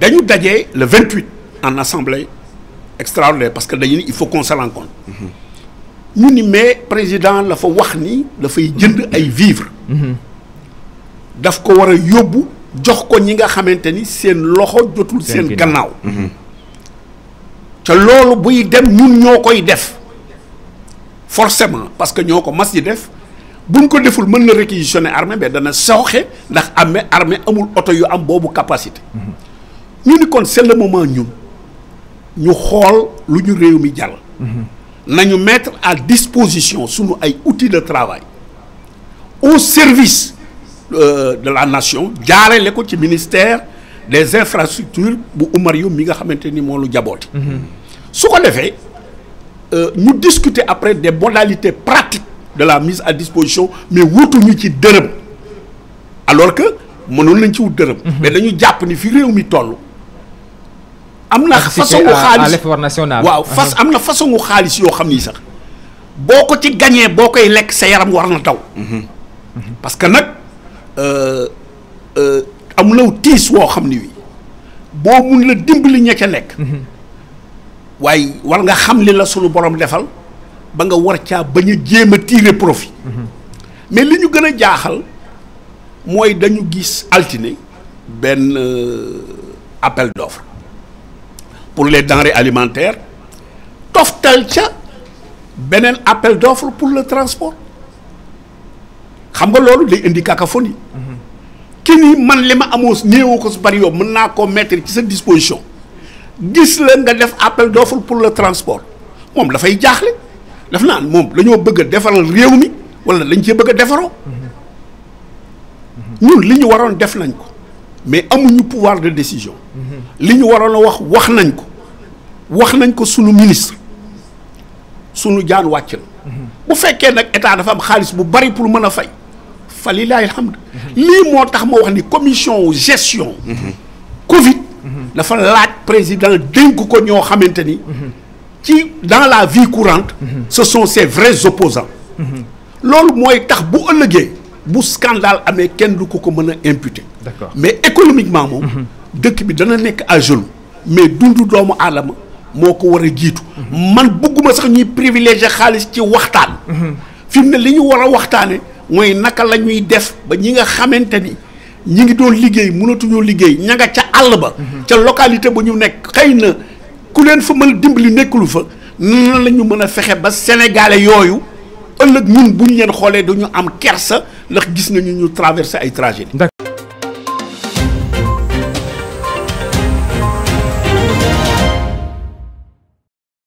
dañu dajé le 28 en assemblée extraordinaire parce que dañu il faut qu'on se rencontre mm-hmm. ñu ni mais président la fa wax ni faut jënd ay vivres mm-hmm. daf ko wara yobbu jox ko ñi nga xamante seen loxo jotul seen gannaaw te mm-hmm. lolu buy dem ñun ñokoy def forcément parce que ñoko massi di def buñ ko deful mën réquisitionner armée mais dana soxé ndax amee armée amul auto yu am bobu capacité nous, c'est le moment ñun ñu xol lu ñu mhm. mettre à disposition sur ay outils de travail au service euh, de la nation Nous ko ci ministère des infrastructures bu que Youm mi nga xamanteni mo lu mhm. su ko euh, discuter après des modalités pratiques de la mise à disposition mais ñu ci dërëm alors que nous ne ci wut dërëm mhm. mais nous japp ni fi Uh-huh. amna façon façon gagner, faire... ci uh-huh. Uh-huh. parce que nag euh, euh law tiis woo Si xamni wi bo mun la dimbali war nga xam li la sunu borom defal ba nga war tirer profit mais li ñu nous jaaxal moy dañu gis altiné ben euh, appel d'offres pour les denrées alimentaires toftal un appel d'offre pour le transport xam nga loolu indi cacophonie man lema amos ko bari ne mettre ci disposition gis la nga def appel d'offre pour le transport moom fay jaaxle daf la bëgg ne wala lañ ci bëgg mhm. ñun liñu def nañ mais amuñu pouvoir de décision li ñu waroon a wax wax nañ ko wax nañ ko sunu ministre sunu jaan wàcc na bu fekke nak état dafa am xaalis bu bari pour meuna fay falilahi alhamd li motax ma wax ni commission gestion covid dafa laaj président dénk ko ñoo xamanteni ci dans la vie courante ce sont ses vrais opposants loolu moy tax bu ëllëgee bu scandale amé kenn du ko ko meuna imputer d'accord mais économiquement moom. Mhm. dëkk bi dana nekk à genoux. mais dundu doomu aadama moo ko war a jiitu. Mhm. man bëgguma sax ñuy privilégié xaalis ci waxtaan. Mhm. fi mu ne li ñu war a waxtaane mooy naka la ñuy def ba ñi nga xamante ni ñi ngi doon liggéey mënatuñoo liggéey ña ca àll ba. ca localité ba ñu nekk xëy na ku leen fa mën dimbali nekkulu fa nan lañu mën a fexe ba sénégalais yooyu. ëllëg ñun bu ñu leen xoolee dañu am kersa ndax gis nañu ñu traversé ay tragédie